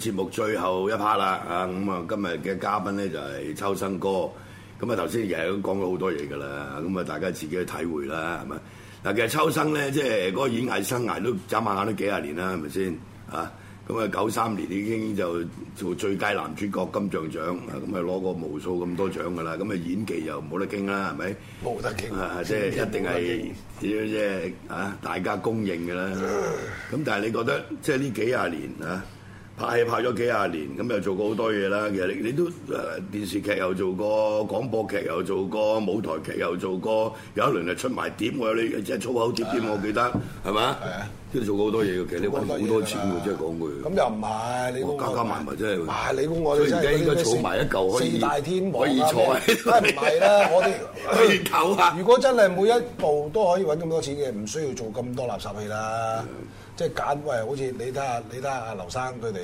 節目最後一 part 啦，啊咁啊！今日嘅嘉賓咧就係秋生哥。咁啊，頭先其實都講咗好多嘢㗎啦。咁啊，大家自己去體會啦，係咪？嗱，其實秋生咧，即係嗰個演藝生涯都眨下眼都幾廿年啦，係咪先啊？咁啊，九三年已經就做最佳男主角金像獎，咁啊攞過無數咁多獎㗎啦。咁啊、嗯，演技又冇得傾啦，係咪？冇得傾啊！即係一定係呢啲啊！即係、大家公認㗎啦。咁、嗯、但係你覺得即係呢幾廿年啊？拍戲拍咗幾廿年，咁又做過好多嘢啦。其實你你都、呃、電視劇又做過，廣播劇又做過，舞台劇又做過，有一輪又出埋碟喎。你即係粗口碟添，哎、呀我記得係嘛？係啊，即係、哎、呀做過好多嘢嘅，其實你揾好多錢嘅，即係講句。咁又唔係你加加埋埋，真係。啊！你估我哋真係？應該儲埋一嚿四大天王可以可以坐喺度。唔係啦，我哋亂投啦。 如果真係每一部都可以揾咁多錢嘅，唔需要做咁多垃圾戲啦。嗯即係揀，喂，好似你睇下，你睇下阿劉生佢哋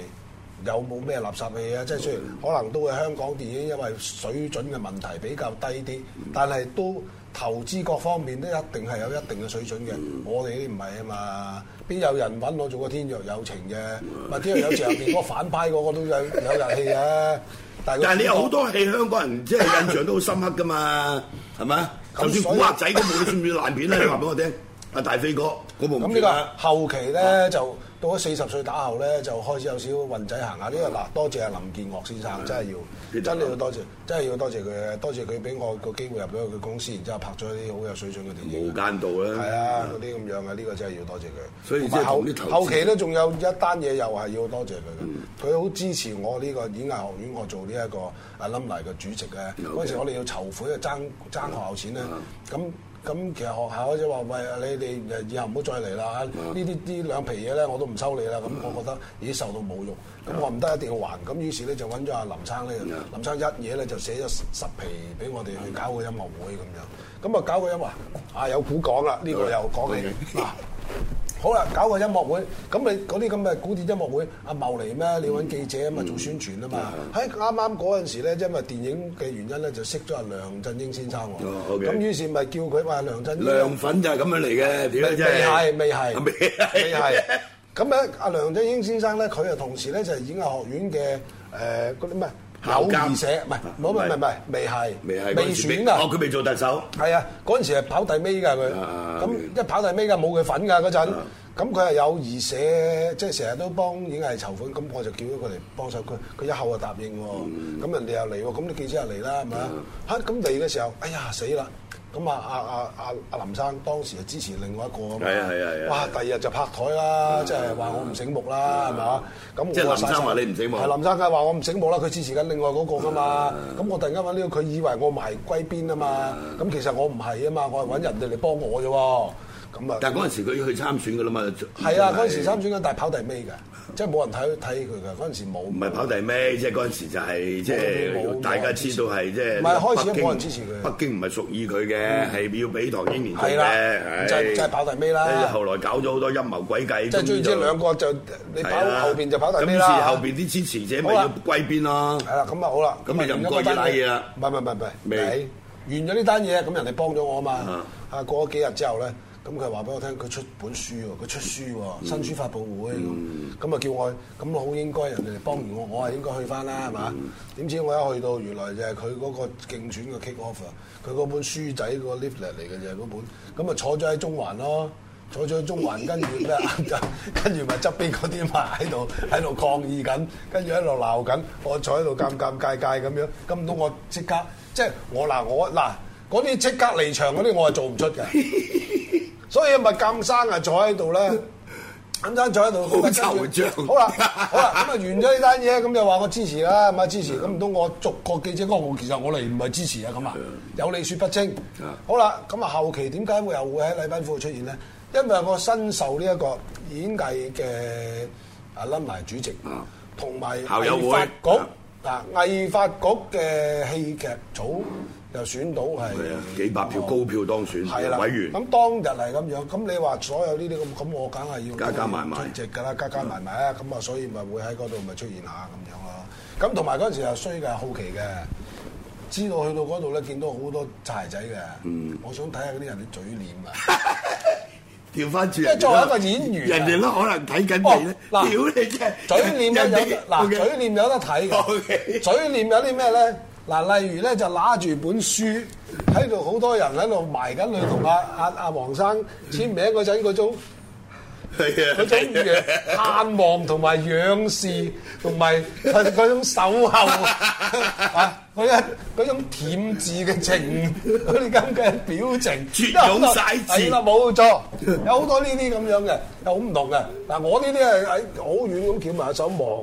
有冇咩垃圾戲啊？即係雖然可能都係香港電影，因為水準嘅問題比較低啲，但係都投資各方面都一定係有一定嘅水準嘅。我哋唔係啊嘛，邊有人揾我做個天若有情嘅？唔係天若有情入邊嗰反派嗰個都有有入戲嘅。但係你有好多戲，香港人即係印象都好深刻噶嘛，係咪？就算古惑仔都冇 你算唔算爛片咧？你話俾我聽。阿大飛哥，咁呢個後期咧就到咗四十歲打後咧，就開始有少混仔行下。呢個嗱，多謝阿林建岳先生，真係要真係要多謝，真係要多謝佢多謝佢俾我個機會入咗佢公司，然之後拍咗啲好有水準嘅電影無間道咧，係啊，嗰啲咁樣嘅，呢個真係要多謝佢。所以即係同啲投資。後期咧仲有一單嘢又係要多謝佢嘅，佢好支持我呢個演藝學院，我做呢一個阿林大嘅主席嘅。嗰陣時我哋要籌款啊，爭爭學校錢咧，咁。咁其實學校就話：喂，你哋以後唔好再嚟啦！呢啲呢兩皮嘢咧，我都唔收你啦。咁是的 我覺得已經受到侮辱。咁我唔得，一定要還。咁於是咧就揾咗阿林生咧，是的 林生一嘢咧就寫咗十皮俾我哋是的 去搞個音樂會咁樣。咁啊，搞個音樂啊，有古講啦，呢、這個又講起嗱。Okay. 啊 好啦，搞個音樂會，咁你嗰啲咁嘅古典音樂會，阿、啊、茂嚟咩？你揾記者啊嘛？嗯、做宣傳啊嘛。喺啱啱嗰陣時咧，因為電影嘅原因咧，就識咗阿梁振英先生喎。哦咁、okay. 於是咪叫佢話梁振英？梁粉就係咁樣嚟嘅，點解啫？未係，未係。未係，咁咧，阿梁振英先生咧，佢又同時咧就係演藝學院嘅誒啲唔友誼社唔係，唔係唔係唔係，未係，未係，未選㗎。佢、哦、未做特首。係啊，嗰陣時係跑第尾㗎佢。咁一跑第尾㗎，冇佢份㗎嗰陣。咁佢係友誼社，即係成日都幫演藝籌款。咁我就叫咗佢嚟幫手。佢佢一口就答應喎。咁、嗯、人哋又嚟喎，咁你記者又嚟啦，係咪啊？嚇！咁嚟嘅時候，哎呀死啦！咁啊啊啊啊阿林生當時係支持另外一個啊嘛，哇！第二日就拍台啦，即係話我唔醒目啦，係咪？咁即係林生話你唔醒目，係林生話我唔醒目啦。佢支持緊另外嗰個噶嘛，咁我突然間揾呢個，佢以為我唔係歸邊啊嘛，咁其實我唔係啊嘛，我係揾人哋嚟幫我啫喎，咁啊。但係嗰陣時佢要去參選噶啦嘛，係啊，嗰陣時參選緊，但係跑第尾嘅。即係冇人睇睇佢㗎，嗰陣時冇。唔係跑第尾，即係嗰陣時就係即係大家知道係即係。唔係開始都冇人支持佢。北京唔係屬於佢嘅，係要俾唐英年嘅。係啦，就就係跑第尾啦。後來搞咗好多陰謀鬼計。即係最即係兩個就你跑後邊就跑第尾啦。咁後邊啲支持者咪要歸邊咯？係啦，咁啊好啦。咁你就唔該住打嘢啦？唔係唔係唔係，未完咗呢單嘢，咁人哋幫咗我啊嘛。啊過咗幾日之後咧。咁佢話俾我聽，佢出本書喎，佢出書喎，新書發布會咁，咁啊叫我，咁我好應該人哋幫完我，我係應該去翻啦，係嘛？點知我一去到，原來就係佢嗰個競選嘅 kick-off，啊，佢嗰本書仔個 leaflet 嚟嘅啫嗰本，咁啊坐咗喺中環咯，坐咗喺中環，跟住咩？跟住咪側邊嗰啲嘛喺度喺度抗議緊，跟住喺度鬧緊，我坐喺度尷尷尬尬咁樣，咁到我即刻，即係我嗱我嗱嗰啲即刻離場嗰啲，我係做唔出嘅。所以咪咁生啊坐喺度咧，咁生 坐喺度惆，好啦，好啦，咁啊完咗呢單嘢，咁就話我支持啦，係咪支持？咁唔通我逐個記者講、嗰個，其實我哋唔係支持啊，咁啊的有理說不清。的好啦，咁啊後期點解會又會喺禮賓府出現咧？因為我身受呢一個演藝嘅啊拎埋主席，同埋藝發局啊藝發局嘅戲劇組的。就選到係幾百票高票當選係啦，委員。咁當日係咁樣，咁你話所有呢啲咁，咁我梗係要加加埋埋，值㗎啦，加加埋埋啊！咁啊，所以咪會喺嗰度咪出現下咁樣咯。咁同埋嗰陣時係衰嘅好奇嘅，知道去到嗰度咧，見到好多柴仔嘅。我想睇下嗰啲人啲嘴臉啊！調翻轉。即係作為一個演員，人哋都可能睇緊你嗱，屌你嘅嘴臉有嗱，嘴臉有得睇嘅。嘴臉有啲咩咧？嗱，例如咧就拿住本書喺度，好多人喺度埋緊佢同阿阿阿黃生簽名嗰陣，嗰 種嗰種盼望同埋仰視同埋係嗰種守候 啊！嗰一嗰種舔字嘅情，嗰啲咁嘅表情，絕有曬字。係啦，冇、哎、錯，有好多呢啲咁樣嘅，有好唔同嘅。嗱、啊，我呢啲係喺好遠咁翹埋隻手望。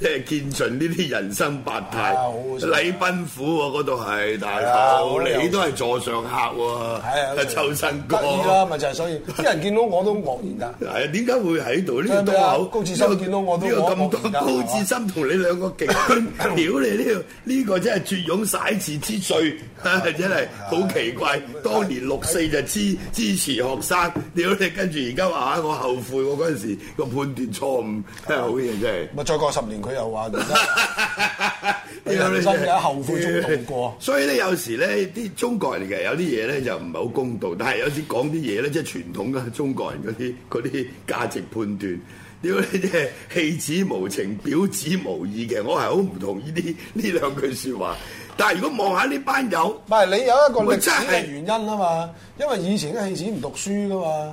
即係見盡呢啲人生百態，禮賓府嗰度係，大佬你都係座上客喎，係啊，秋生哥啦，咪就係所以啲人見到我都愕然噶。係啊，點解會喺度呢？高志森見到我都咁多高志森同你兩個極君，屌你呢？呢個真係絕勇耍字之最，真係好奇怪。當年六四就支支持學生，屌你，跟住而家話我後悔，我嗰陣時個判斷錯誤，真係好嘢，真係。再過十年佢又話，真係 是後悔中度過。 所以咧，有時咧啲中國人嚟嘅有啲嘢咧就唔係好公道，但係有時講啲嘢咧即係傳統嘅中國人嗰啲啲價值判斷，點解即係戲子無情、婊子無義嘅？我係好唔同意啲呢兩句説話。但係如果望下呢班友，唔係你有一個歷史嘅原因啊嘛，因為以前嘅戲子唔讀書㗎嘛。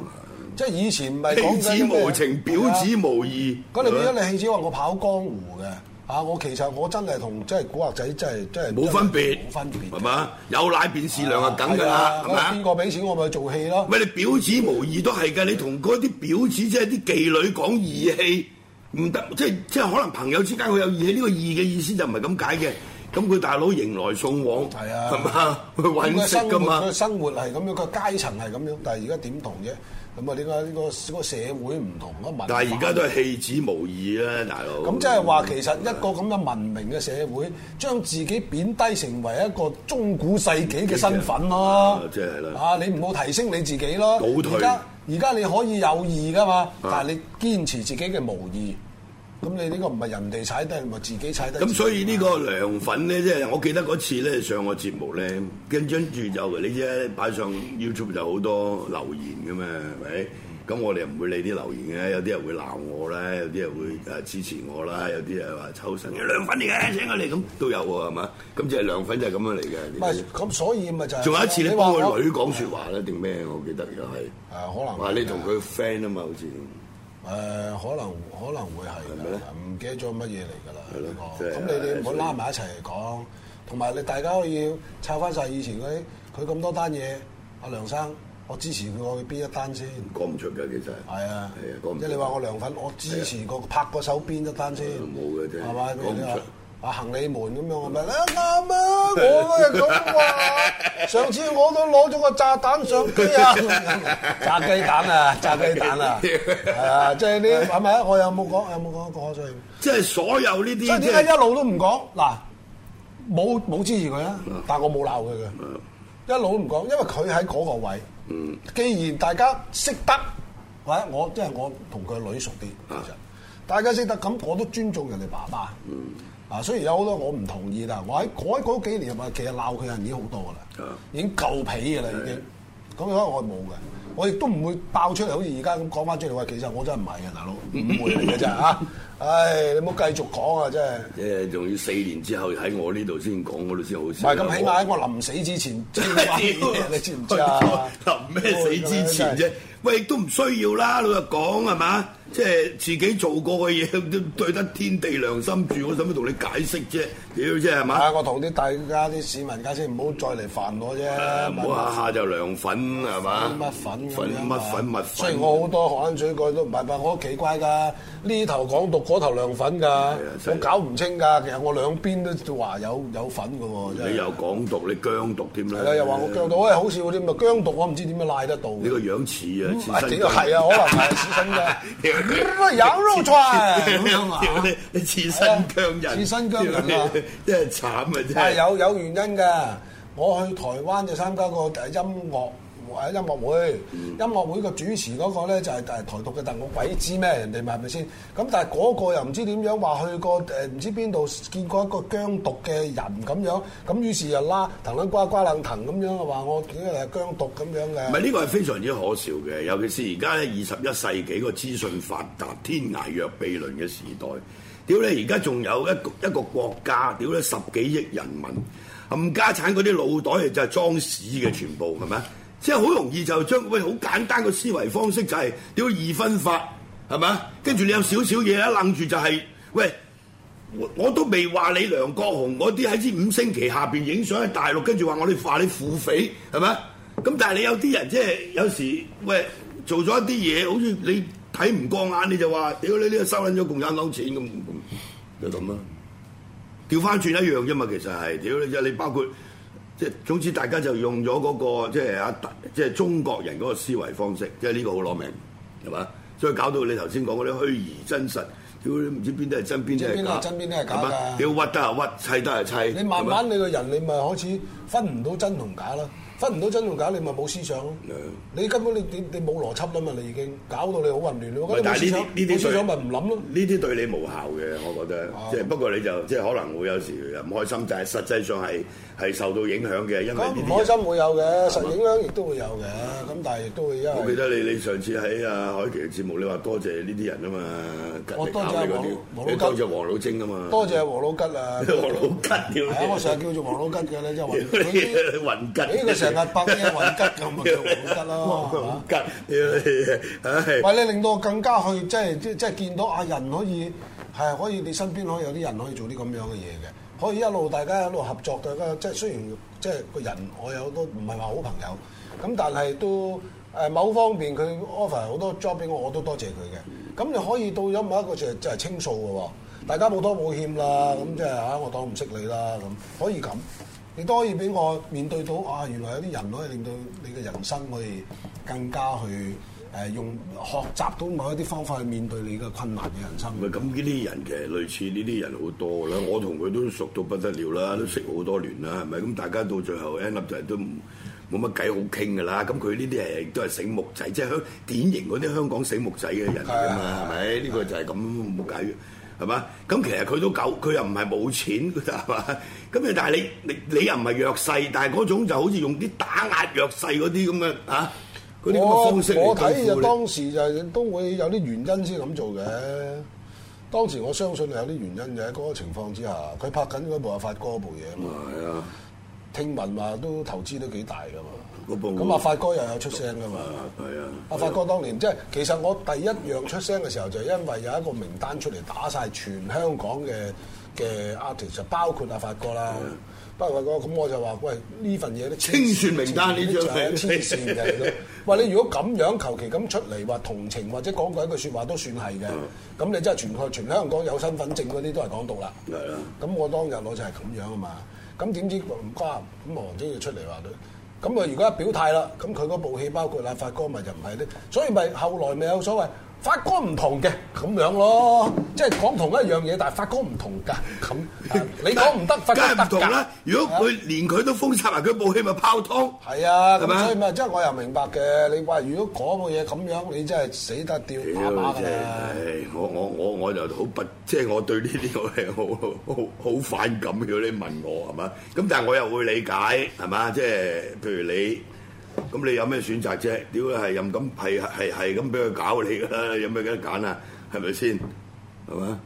即係以前唔係講婊子無情，戲子無義，咁你變咗你戲子話我跑江湖嘅，啊，我其實我真係同即係古惑仔，真係真係冇分別，冇分別，係嘛？有奶便是娘係梗㗎啦，係嘛？邊個俾錢我咪做戲咯？喂你婊子無義都係嘅，你同嗰啲婊子即係啲妓女講義氣唔得，即係即係可能朋友之間佢有義氣，呢個義嘅意思就唔係咁解嘅。咁佢大佬迎來送往，係啊，係嘛？佢揾食㗎嘛。生活係咁樣，個階層係咁樣，但係而家點同啫？咁啊！點解呢個個社會唔同咁文但？但係而家都係棄子無義啦，大佬、嗯。咁即係話其實一個咁嘅文明嘅社會，將自己貶低成為一個中古世紀嘅身份咯。啊、即係啦。啊，你唔好提升你自己咯。而家而家你可以有義噶嘛，但係你堅持自己嘅無義。咁你呢個唔係人哋踩低，係咪自己踩低？咁、嗯、所以呢個涼粉咧，即係我記得嗰次咧上我節目咧，跟住就你知擺上 YouTube 就好多留言嘅嘛，係咪？咁我哋唔會理啲留言嘅，有啲人會鬧我啦，有啲人會誒支持我啦，有啲人話秋生，涼粉嚟嘅請我嚟，咁都有喎，係嘛？咁即係涼粉就係咁樣嚟嘅。唔係，咁所以咪就係仲有一次你幫個女講説話咧定咩？我記得又係可能話你同佢 friend 啊嘛，好似。誒、呃、可能可能會係唔嗎記得咗乜嘢嚟㗎啦。咁你哋唔好拉埋一齊講，同埋你大家可以抄翻晒以前嗰啲，佢咁多單嘢。阿梁生，我支持佢，我去邊一單先？講唔出㗎，其實係。啊的。係啊，講即係你話我梁粉，我支持個拍個手邊一單先。冇嘅啫。係嘛？行李門咁樣，我咪啱啊！我都係咁話，上次我都攞咗個炸彈上機啊！哈哈，炸雞蛋啊！炸雞蛋啊！蛋啊！即係啲係咪啊、係嘅？我有冇講？有冇講過咗？即係所有呢啲，即係點解一路都唔講嗱？冇冇、嗯、支持佢啊！但係我冇鬧佢嘅，嗯、一路都唔講，因為佢喺嗰個位。嗯，既然大家識得，或者我即係我同佢女熟啲，其實、就是啊、大家識得咁，我都尊重人哋爸爸。嗯。啊，雖然有好多我唔同意，但係我喺嗰一嗰幾年其實鬧佢人已經好多噶啦，啊、已經夠皮嘅啦已經。咁所以我冇嘅，我亦都唔會爆出嚟，好似而家咁講翻出嚟話，其實我真係唔係嘅，大佬，唔會嘅咋嚇？唉，你唔好繼續講啊，真係！誒，仲要四年之後喺我呢度先講嗰度先好先。唔係、啊，咁起碼喺我臨死之前， 知唔知啊？ 臨咩死之前啫？ 喂，都唔需要啦，老實講係嘛？即係自己做過嘅嘢，對得天地良心住，我使乜同你解釋啫？屌啫係嘛？啊！我同啲大家啲市民解釋，唔好再嚟煩我啫。唔好下下就涼粉係嘛？乜粉？粉乜粉？乜粉？雖然我好多口水，嘴都唔係，但係我奇怪㗎，呢頭港獨嗰頭涼粉㗎，我搞唔清㗎。其實我兩邊都話有有粉㗎喎。你又港獨，你薑毒添啦？係又話我薑毒，我係好笑啲，咪薑毒我唔知點樣賴得到。你個樣似啊，似係啊，可能係似身㗎。 有路出， 啊、 你似新疆人，似新疆人，啊， 真係慘啊！真係 有有原因㗎，我去台灣就參加一個誒音樂。音樂會，嗯、音樂會個主持嗰個咧就係、是、誒台獨嘅，但我鬼知咩人哋嘛，係咪先咁？但係嗰個又唔知點樣話去過誒唔知邊度見過一個僵毒嘅人咁樣咁，於是就啦，騰緊呱呱冷騰咁樣話我點解係僵毒咁樣嘅？唔係呢個係非常之可笑嘅，尤其是而家咧二十一世紀個資訊發達、天涯若比鄰嘅時代，屌你而家仲有一一個國家，屌你十幾億人民冚家產嗰啲腦袋就係裝屎嘅，全部係咪 即係好容易就將喂好簡單嘅思維方式就係屌二分法係嘛，跟住你有少少嘢一愣住就係、是、喂，我，我都未話你梁國雄嗰啲喺啲五星旗下邊影相喺大陸，跟住話我哋話你富匪係嘛，咁但係你有啲人即係有時喂做咗一啲嘢，好似你睇唔過眼，你就話屌你呢個收緊咗共產黨錢咁就咁啦，調翻轉一樣啫嘛，其實係屌你包括。即係總之，大家就用咗嗰個即係阿即係中國人嗰個思維方式，即係呢個好攞命，係嘛？所以搞到你頭先講嗰啲虛擬真實，屌唔知邊啲係真邊啲係假？真邊啲係假？你屈得啊，屈！砌得啊，砌。你慢慢你個人你咪開始分唔到真同假啦，分唔到真同假你咪冇思想咯。你根本你你冇邏輯啦嘛，你已經搞到你好混亂咯。但係呢啲思想咪唔諗咯，呢啲對你無效嘅，我覺得。即係不過你就即係可能會有時唔開心，就係實際上係。係受到影響嘅，因為唔 開心會有嘅，受嗎影響亦都會有嘅。咁但係亦都會因為我記得你你上次喺阿海琪嘅節目，你話多謝呢啲人啊嘛，我多謝你多謝王，王老精啊嘛，多謝王老吉啊，嗯、王老吉我成日叫做王老吉嘅咧，即係嗰啲雲吉，呢個成日拍啲雲吉咁啊，雲吉咯，雲吉，係咪？喂吉，吧 你令到我更加去即係即係見到啊人可以係可以，你身邊可以有啲人可以做啲咁樣嘅嘢嘅。可以一路大家喺度合作，大家即係雖然即係個人我有都唔係話好朋友，咁但係都誒某方面佢 offer 好多 job 俾我，我都多謝佢嘅。咁你可以到咗某一個就即係傾訴嘅喎，大家冇多冇欠啦，咁即係吓我當唔識你啦，咁可以咁，你都可以俾我面對到啊，原來有啲人可以令到你嘅人生可以更加去。誒用學習到某一啲方法去面對你嘅困難嘅人生。唔係咁，呢啲人其實類似呢啲人好多啦， 我同佢都熟到不得了啦，嗯、都識好多年啦，係咪？咁大家到最後 end up 就係都冇乜 計好傾㗎啦。咁佢呢啲人都係醒目仔，即係香典型嗰啲香港醒目仔嘅人嚟㗎嘛，係咪 Okay,、啊？呢、啊、個就係咁冇計，係嘛、啊？咁、啊、其實佢都夠，佢又唔係冇錢，係嘛？咁 啊，但係你你你又唔係弱勢，但係嗰種就好似用啲打壓弱勢嗰啲咁嘅啊～我睇就、啊、當時就都會有啲原因先咁做嘅。當時我相信有啲原因嘅嗰個情況之下，佢拍緊嗰部阿發哥部嘢啊嘛。係啊，聽聞話都投資都幾大噶嘛。部咁阿發哥又有出聲噶嘛。係啊。阿發、啊、哥當年即係其實我第一樣出聲嘅時候，就因為有一個名單出嚟打晒全香港嘅嘅 artist，包括阿、啊、發哥啦。北愛哥，咁、哎、我就話：喂，呢份嘢咧，清算名單呢啲就張嘢，黐線嘅。喂，你 如果咁樣求其咁出嚟話同情，或者講過一句説話都算係嘅。咁 你真係全概全香港有身份證嗰啲都係港獨啦。係啊。咁我當日攞就係咁樣啊嘛。咁點知唔關？咁黃之耀出嚟話佢。咁啊，如果一表態啦，咁佢嗰部戲包括埋發哥咪就唔係呢。所以咪後來咪有所謂。發哥唔同嘅咁樣咯，即係講同一樣嘢，但係發哥唔同㗎。咁你講唔得，梗係唔同啦。如果佢連佢都封殺埋佢部戲，咪、啊、泡湯。係啊，咁所以咪即係我又明白嘅。你話如果嗰部嘢咁樣，你真係死得掉把把㗎啦。我我我我又好不即係、就是、我對呢啲我係好好好反感嘅。如果你問我係嘛？咁但係我又會理解係嘛？即係、就是、譬如你。咁你有咩選擇啫？屌係任咁係係係咁俾佢搞你噶啦，有咩梗得揀啊？係咪先？係嘛？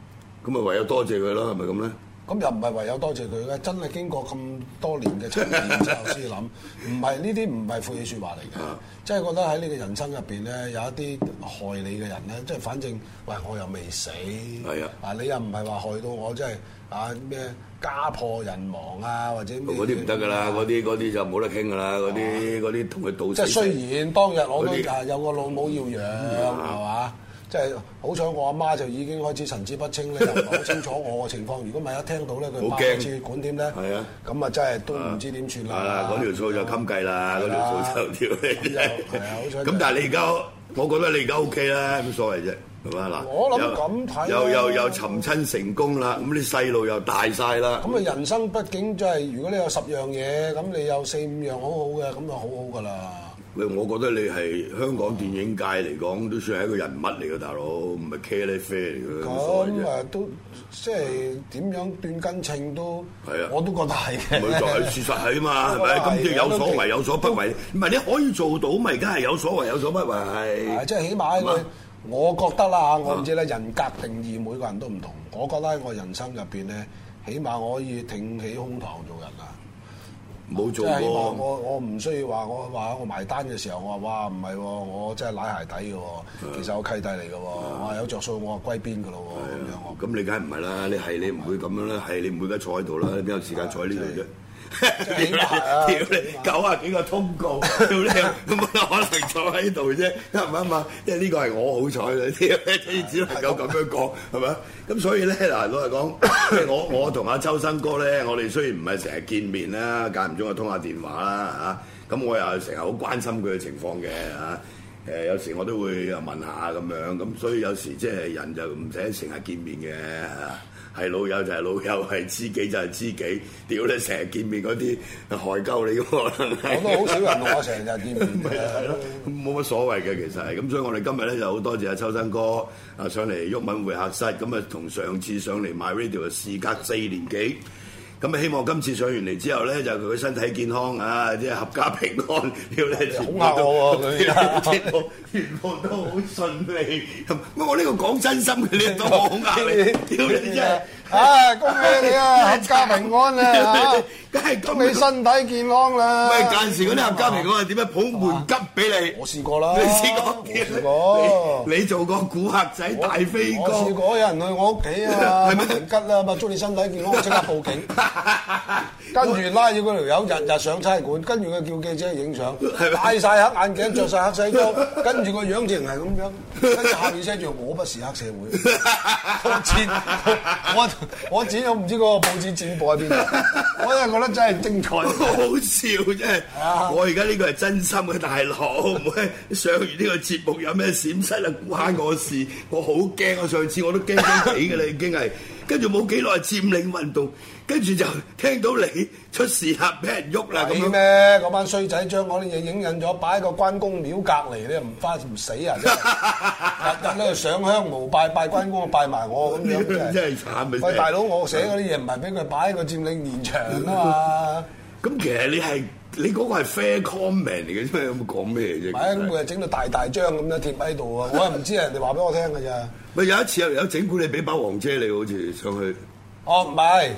咁咪唯有多謝佢咯，係咪咁咧？咁又唔係唯有多謝佢嘅，真係經過咁多年嘅七年之後先諗，唔係呢啲唔係晦氣說話嚟嘅。即係 覺得喺你嘅人生入邊咧，有一啲害你嘅人咧，即係反正喂我又未死，係啊，嗱你又唔係話害到我，即係。啊咩家破人亡啊，或者咩，嗰啲唔得噶啦，嗰啲啲就冇得傾噶啦，嗰啲啲同佢賭。即係雖然當日我都有個老母要養，係嘛？即係好彩我阿媽就已經開始神志不清咧，又唔清楚我嘅情況。如果唔係一聽到咧，佢驚住管點咧？係啊，咁啊真係都唔知點算啦。嗰條數就禁計啦，嗰條數就條。咁但係你而家，我覺得你而家 OK 啦，咁所謂啫。係嘛嗱，我諗咁睇，又又又尋親成功啦！咁你細路又大晒啦。咁啊，人生畢竟即係如果你有十樣嘢，咁你有四五樣好好嘅，咁就好好噶啦。喂，我覺得你係香港電影界嚟講，都算係一個人物嚟嘅，大佬唔係茄喱啡嚟嘅。咁誒都即係點樣斷斤秤都係啊！我都覺得係嘅。事實係啊嘛，係咪？咁即有所為有所不為。唔係你可以做到，咪而家係有所為有所不為係。即係起碼佢。我覺得啦嚇，我唔知咧人格定義每個人都唔同。我覺得喺我人生入邊咧，起碼我可以挺起胸膛做人啦。冇做過，我我唔需要話我話我埋單嘅時候，我話哇唔係喎，我真係賴鞋底嘅喎。其實我契弟嚟嘅喎，我有着數，我歸邊嘅咯喎，咁樣。咁你梗係唔係啦？你係你唔會咁樣啦，係你唔會而家坐喺度啦，你邊有時間坐喺呢度啫？屌 你九啊，幾個通告，屌你咁可能坐喺度啫，啱唔啱呀？因為呢個係我好彩啦，屌，所以只能夠咁樣講係咪啊？咁所以咧嗱，老實講， 我我同阿周生哥咧，我哋雖然唔係成日見面啦，間唔中就通下電話啦嚇，咁、啊啊、我又成日好關心佢嘅情況嘅嚇。啊誒、呃、有時我都會問下咁樣，咁所以有時即係人就唔使成日見面嘅嚇，係老友就係老友，係知己就係知己。屌你，成日見面嗰啲害鳩你喎！那個、 我都好少話 我成日見面，係咯， 冇乜所謂嘅其實係。咁所以我哋今日咧就好多謝阿秋生哥啊上嚟毓民會客室，咁啊同上次上嚟 MyRadio 嘅事隔四年幾。咁希望今次上完嚟之後咧，就佢個身體健康啊，即係合家平安。跳咧，啊、 全部全部都好順利。咁 我呢個講真心嘅， 你都講啊， 你真係。哎，恭喜你啊！合家平安啊！梗係祝你身體健康啦！咪間時嗰啲合家平安係點樣捧門吉俾你？我試過啦，你試過？你做個古惑仔大飛哥？我試過，有人去我屋企啊，係乜人吉啦？咪祝你身體健康，即刻報警，跟住拉住嗰條友日日上差館，跟住佢叫記者影相，戴曬黑眼鏡，著曬黑西裝，跟住個樣淨係咁樣，跟住下面寫著我不是黑社會，我黐，我。 我自己都唔知個報紙展播喺邊度， 我真係覺得真係精彩，好笑真係！我而家呢個係真心嘅大佬，唔會 上完呢個節目有咩閃失啊？關我事， 我好驚！啊！上次我都驚飛起㗎啦，已經係。 跟住冇幾耐佔領運動，跟住就聽到你出事啦，俾人喐啦咁樣。咩？班衰仔將我啲嘢影印咗，擺喺個關公廟隔籬你又唔翻唔死啊！日日咧上香冇拜，拜關公拜埋我咁樣， 是真係慘咪、啊、喂，大佬，我寫嗰啲嘢唔係俾佢擺喺個佔領現場啊嘛。咁 其實你係。你嗰個係 fair comment 嚟嘅，有冇講咩啫？咪咁佢又整到大大張咁樣貼喺度啊！我又唔知 人哋話俾我聽嘅咋。咪有一次有有整蠱你俾把黃遮你，好似上去。哦，唔係，係、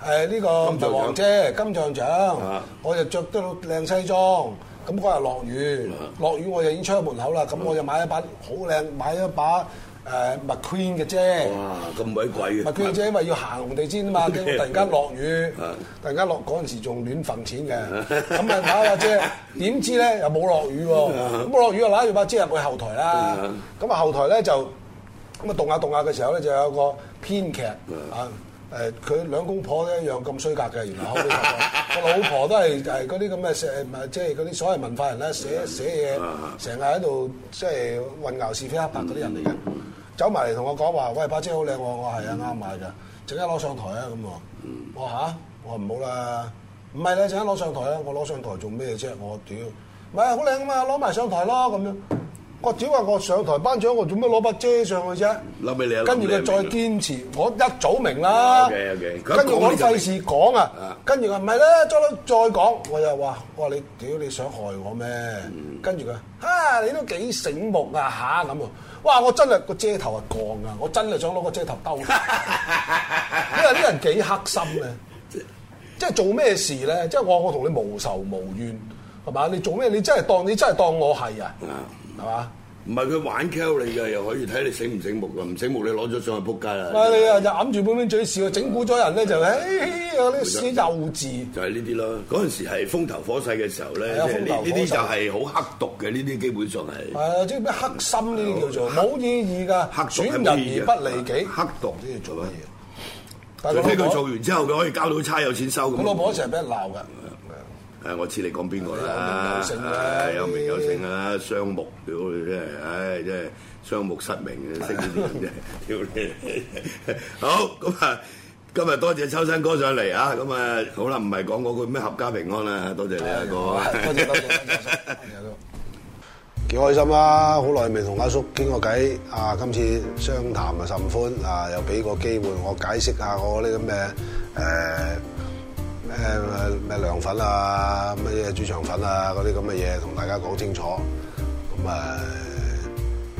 哎、呢、這個唔係黃遮，金像獎。啊、我就着得到靚西裝，咁、那、嗰、個、日落雨，落雨我就已經出咗門口啦。咁我就買一把好靚，買一把。誒麥、uh, queen 嘅啫，哇咁鬼貴嘅，麥 queen 嘅啫，因為要行紅地氈啊嘛， 突然間落雨，突然間落嗰陣時仲亂馮錢嘅，咁啊打下啫，點知咧又冇落雨喎，咁冇落雨啊，攞住把遮入去後台啦，咁啊 後台咧就咁啊動下動下嘅時候咧就有個編劇啊。 誒佢兩公婆都一樣咁衰格嘅，原來佢老婆都係誒嗰啲咁嘅寫唔係即係啲所謂文化人咧寫寫嘢，成日喺度即係混淆是非黑白嗰啲人嚟嘅，走埋嚟同我講話，喂，八姐好靚喎，哦，我話係啊，啱買㗎，陣間攞上台啊咁喎，我嚇，我話唔好啦，唔係你陣間攞上台啊，我攞、嗯、上台做咩啫？我屌、啊、唔係、哎、好靚啊嘛，攞埋上台咯咁樣。我屌！我上台頒獎，我做咩攞把遮上去啫？留俾你啊！跟住佢再堅持，我一早明啦。OK OK。跟住我費事講啊？跟住佢唔係啦，裝再講，我又話：我、啊、你屌，你想害我咩？跟住佢嚇你都幾醒目啊嚇咁啊！哇！我真係個遮頭啊降啊！我真係想攞個遮頭兜。你話啲人幾黑心咧？即係 做咩事咧？即係我我同你無仇無怨係嘛？你做咩？你真係當你真係當我係啊？ 係嘛？唔係佢玩 Q 你嘅，又可以睇你醒唔醒目噶？唔醒目你攞咗上去仆街啦！啊！你又就揞住半邊嘴笑，整蠱咗人咧就哎啊啲幼稚，就係呢啲咯。嗰陣時係風頭火勢嘅時候咧，呢啲就係好黑毒嘅。呢啲基本上係係啊，即係咩黑心呢啲叫做冇意義噶，損人而不利己，黑毒都要做乜嘢？除非佢做完之後，佢可以交到差有錢收咁。我老婆成日俾人鬧嘅。誒， 我知你講邊個啦？有、哎、名有姓啦、哎，雙目屌你真係，唉，真、哎、係雙目失明啊！識啲人真對呀 好，咁啊，今日多謝秋生哥上嚟啊，咁啊，好啦，唔係講嗰句咩合家平安啦，多謝你啊、哎、呀哥。幾 開心啊！好耐未同阿叔傾過偈，啊，今次商談啊甚歡啊，又俾個機會我解釋下我呢咁嘅誒。呃誒咩涼粉啊，乜嘢豬腸粉啊，嗰啲咁嘅嘢同大家講清楚，咁啊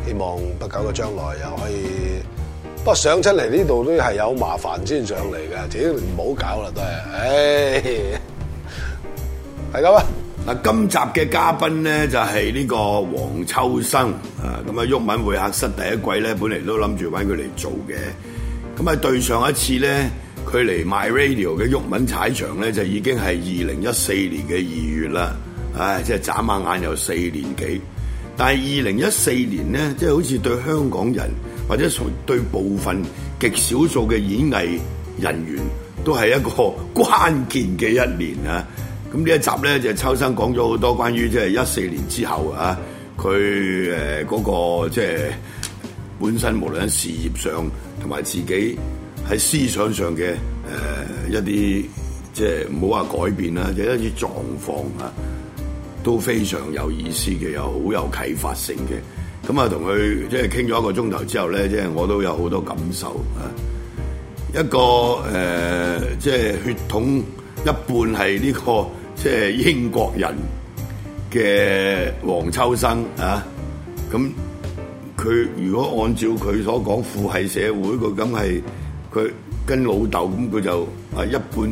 希望不久嘅將來又可以，不過上出嚟呢度都係有麻煩先上嚟嘅，自己唔好搞啦都係，唉，係咁啊！嗱，今集嘅嘉賓咧就係、是、呢個黃秋生啊，咁啊毓民會客室第一季咧本嚟都諗住揾佢嚟做嘅，咁啊對上一次咧。佢嚟 My Radio 嘅毓民踩場咧，就已經係二零一四年嘅二月啦。唉，即係眨下眼又四年幾。但係二零一四年咧，即係好似對香港人或者對部分極少數嘅演藝人員都係一個關鍵嘅一年啊。咁呢一集咧就係秋生講咗好多關於即係一四年之後啊，佢誒嗰個即係本身無論喺事業上同埋自己。喺思想上嘅誒、呃、一啲即係唔好話改變啦，就一啲狀況啊都非常有意思嘅，又好有啟發性嘅。咁、嗯、啊，同佢即係傾咗一個鐘頭之後咧，即係我都有好多感受啊。一個誒、呃，即係血統一半係呢、這個，即係英國人嘅黃秋生啊，咁佢如果按照佢所講父系社會個咁係。佢跟老豆咁，佢就啊一半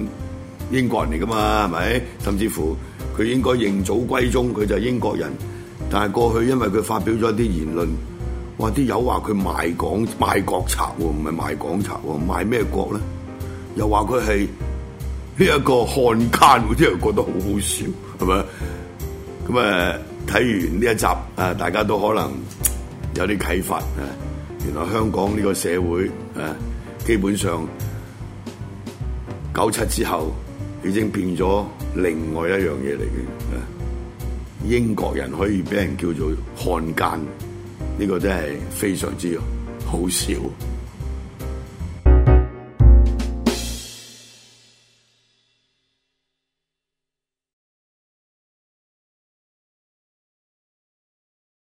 英國人嚟㗎嘛，係咪？甚至乎佢應該認祖歸宗，佢就英國人。但係過去因為佢發表咗一啲言論，哇！啲友話佢賣港賣國賊喎，唔係賣港賊喎，賣咩國咧？又話佢係呢一個漢奸，啲人覺得好好笑，係咪？咁啊，睇完呢一集啊，大家都可能有啲啟發啊，原來香港呢個社會啊～基本上九七之後已經變咗另外一樣嘢嚟嘅，英國人可以俾人叫做漢奸，呢、這個真係非常之好笑。